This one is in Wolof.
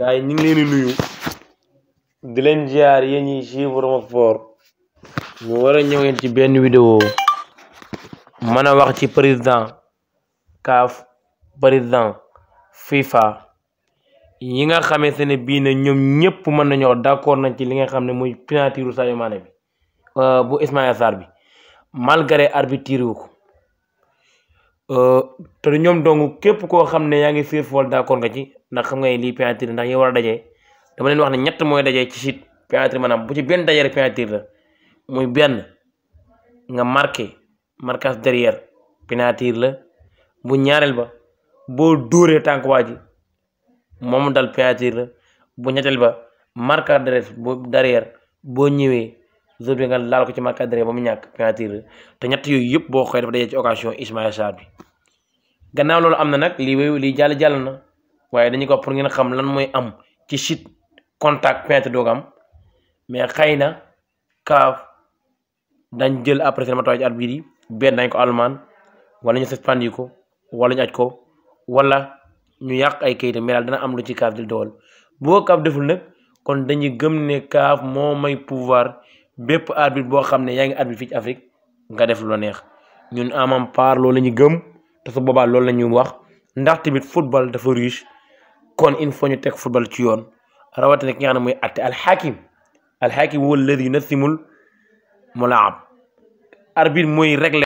gars yi ñu ngi leen leen jaar yéen ñi suivre Ramasport ñu war a ñëween ci benn vidéo mën a wax ci président CAF président FIFA yi nga xamante ne bii na ñoom ñëpp mën nañoo d'accord nañ ci li nga xam ne muy penalty Sadio bi euh, bu Ismaïla Sarr bi malgré arbitre wu ko Euh, te du ñoom dong képp koo xam ne yaa ngi fiir fool d'accord nga ci ndax xam nga lii peinture ndax yow war a dajee dama leen wax ne ñett mooy dajee ci site peinture maanaam bu ci benn daje rek peinture la muy benn nga marqué marquage derrière peinture la bu ñaareel ba boo dóoree tànk waa ji moom dal peinture la bu ñetteel ba marquage derrière boo ñëwee zone bi nga laal ko ci marquage d'arrêt ba mu ñàkk penalty te ñett yooyu yëpp boo xoolee dafa dajee ci occasion Ismaïla am na nag lii lii jàll jàll na waaye dañu ko wax pour ngeen xam lan mooy am ci site contact penalty doog am mais xëy na kaaf dañ jël après seen matuwaay ci at bii di benn dañ ko almaan wala ñu suspendre ko wala ñu aj ko wala ñu yàq ay kayitam mais daal dana am lu ci kaaf di dool boo kaaf deful nag kon dañuy gëm ne kaaf moo may pouvoir. bép arbitre bo xamné ne yaa arbitre fi ci Afrique nga def lu neex ñun amam par lo lañu gëm te su boobaa loolu lañu wax ndax timit football dafa riche kon il faut ñu tek football ci yoon rawati ki ñana muy ne al hakim al hakim huwa alladi yunasimul mulaab arbitre mooy régler